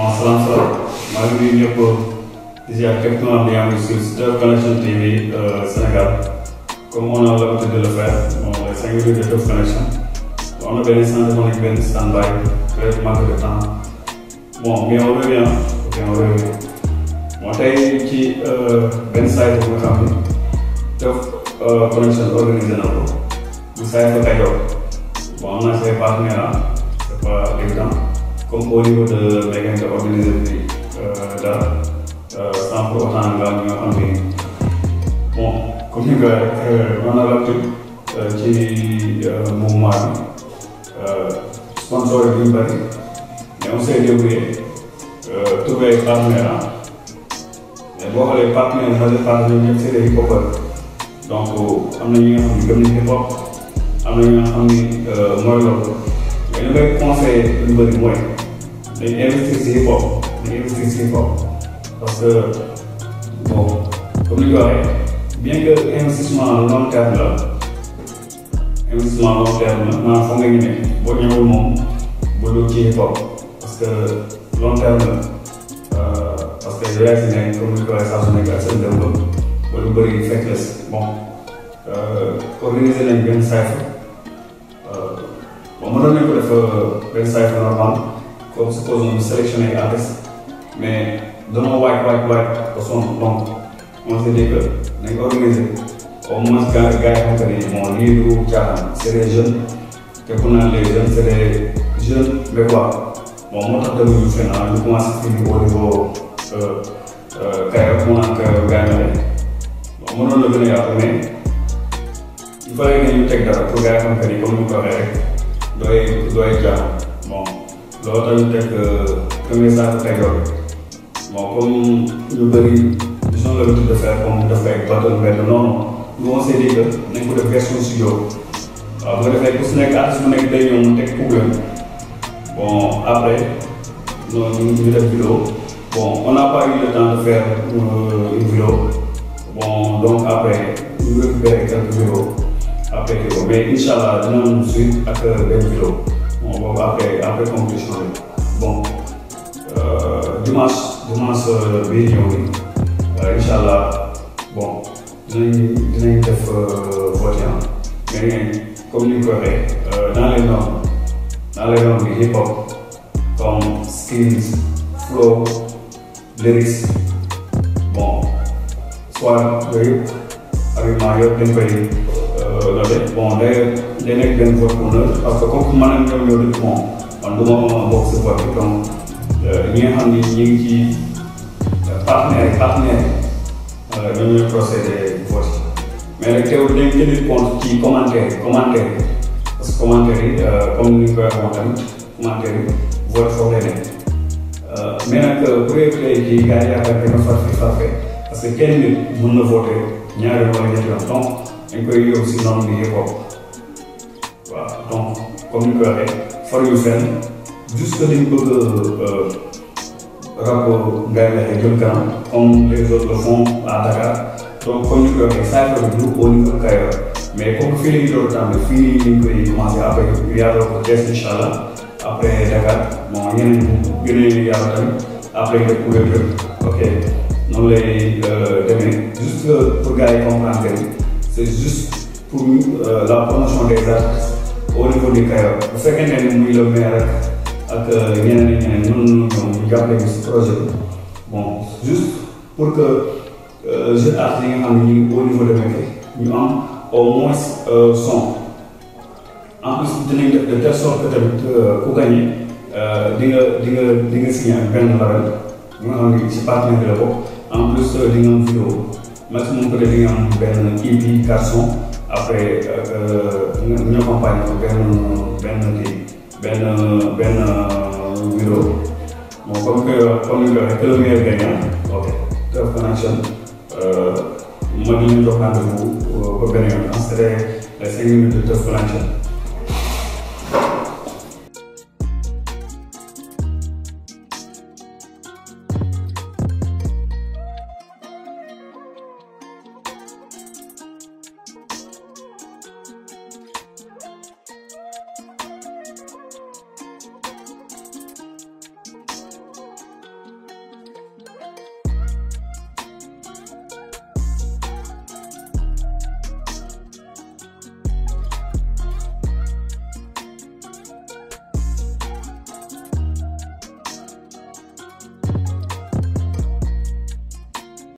Masalam sir, my good evening po. This is Captain Amiyam Sister Connection TV Senegal. Come on, all of the developers, all the Senegal Network Connection. On the very stand, on the very stand by, very much of the time. Mo, mi awal niya, mi awal niya. Mo tayo ki ben side ko kami. Tough connection organization ako. Mo side ko tayo. Mo na sa partner, sa pa comme au niveau de Mekende organisé bi dara sans pour autant nga ñu am bi bon comme ni nga on a l'habitude ci mouvement bi sponsor yi ñu bëri mais on s'est débrouillé trouver partenaire mais boo xoolee partenaire ma def partenaire ñëpp c'est des bokkal donc am na ñi nga xam ne gëm nañ hip hop am na ñi nga xam ne mooy loolu mais li may conseillé lu bëri mooy dañuy investir si bopp dañuy investir si bopp parce que bon comme ni ñu ko waxee bien que investissement long terme la investissement long terme la maanaam foog nga ne boo ñëwul moom boo doo ci bopp parce long terme la parce que yow yaa ngi ne comme ni ñu ko waxee saa su nekk ak seen développe ba lu bëri fekk la bon organiser nañ benn o supposons de sélectionner artiste mais danoo waaj waaj waaj ba sonn donc on s'est dit que nañ organiser au moins gars gars yi xamante ni bon lii du caaxaan c' est des jeunes te ku moo tax tamit ñu fenn ah ñu commencé fii au niveau Kayoor mu naan Kayoor gars yi bon mënoon na gën a yaatu mais il fallait que ñu teg dara rek dooy dooy caaxaan lolo tanya tak ke kemesa tegor maupun beri disana lebih tu dapat pom dapat button pada non dua seri ke nak buat dapat sosio apa dia fikir sana ke atas mana kita yang tak kuat bon apa non ini dia video bon on apa dia dah dapat video bon donc apa dia fikir kita video apa dia bon insyaallah dengan musik akan video on va bah, après après conclusion changer. bon euh, dimanche dimanche euh, bii euh, bon un def hein. mais comme nous dans les normes dans les normes hip hop comme skills flow lyrics bon soit avec loolee bon day day nekk benn vote pour l'heure parce que comme man ak ñoom ñoo dëkk bon man du ma bokk si vote bi donc euh, ñi nga xam ne ñu ngi ci partenaire euh, partenaire euh, ci commentaire commentaire parce que commentaire yi comme ni ñu koy waxoon tamit commentaire yi vote foofu lay nekk mais nag bu dee clé ci gars yi yaakaar dañoo parce que kenn nit mën na voté ñaari wala ñetti yoon donc dañ koy yóbbu si noonu bi yëpp waaw donc comme ni ko waxee faruñu fenn juste dañ bëgg a euh, rapport Ngaye Mekhe jëm kanam comme les autres le font à Dakar donc comme ni ko waxee saa yoo xam au niveau Kayor mais comme fii la ñu doon tàmbali fii lañ koy commencé après yàlla ko def incha allah après Dakar bon ñeneen ñeneen yàlla tamit après nga kuréel ok noonu lay euh, demee juste pour gars yi comprendre c'est juste pour nous euh, la promotion des arts au niveau des Kayor nous sommes le maire et euh, projet juste pour que euh, je atteigne au niveau de Mekhe nous avons au moins son en plus nous avons de telle sorte que tu gagné des en plus mas mu ngi dañu am benn indi garçon après ñu ñoo compagnie ko benn benn kii benn benn bureau mo comme que comme ñu waxee que le meilleur gagnant ok que financial ma ngi ñu jox rendez vous ba benn yoon en serait la cinq minutes de financial